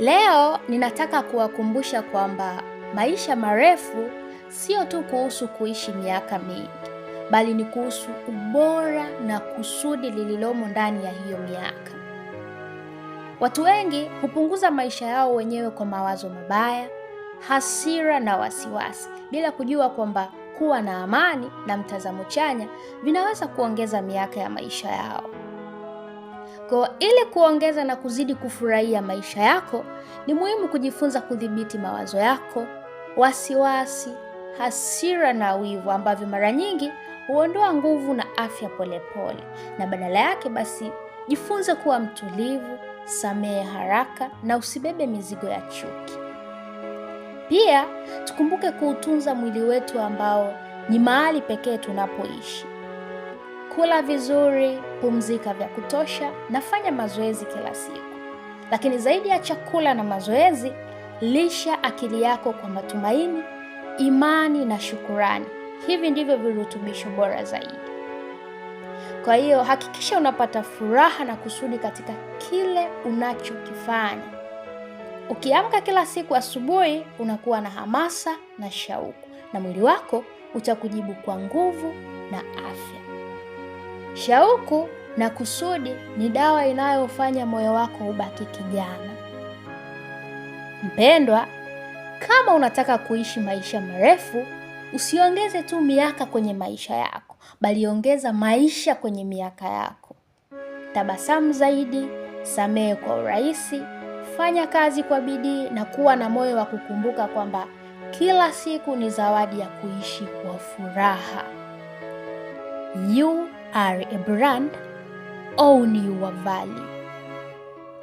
Leo ninataka kuwakumbusha kwamba maisha marefu sio tu kuhusu kuishi miaka mingi, bali ni kuhusu ubora na kusudi lililomo ndani ya hiyo miaka. Watu wengi hupunguza maisha yao wenyewe kwa mawazo mabaya, hasira na wasiwasi, bila kujua kwamba kuwa na amani na mtazamo chanya vinaweza kuongeza miaka ya maisha yao. Kwa ili kuongeza na kuzidi kufurahia maisha yako, ni muhimu kujifunza kudhibiti mawazo yako, wasiwasi, hasira na wivu ambavyo mara nyingi huondoa nguvu na afya polepole pole. Na badala yake basi jifunze kuwa mtulivu, samehe haraka na usibebe mizigo ya chuki. Pia tukumbuke kuutunza mwili wetu ambao ni mahali pekee tunapoishi kula vizuri, pumzika vya kutosha na fanya mazoezi kila siku. Lakini zaidi ya chakula na mazoezi, lisha akili yako kwa matumaini, imani na shukurani. Hivi ndivyo virutubisho bora zaidi. Kwa hiyo hakikisha unapata furaha na kusudi katika kile unachokifanya. Ukiamka kila siku asubuhi, unakuwa na hamasa na shauku, na mwili wako utakujibu kwa nguvu na afya. Shauku na kusudi ni dawa inayofanya moyo wako ubaki kijana. Mpendwa, kama unataka kuishi maisha marefu, usiongeze tu miaka kwenye maisha yako, bali ongeza maisha kwenye miaka yako. Tabasamu zaidi, samehe kwa urahisi, fanya kazi kwa bidii na kuwa na moyo wa kukumbuka kwamba kila siku ni zawadi ya kuishi kwa furaha. You are a brand, own your value.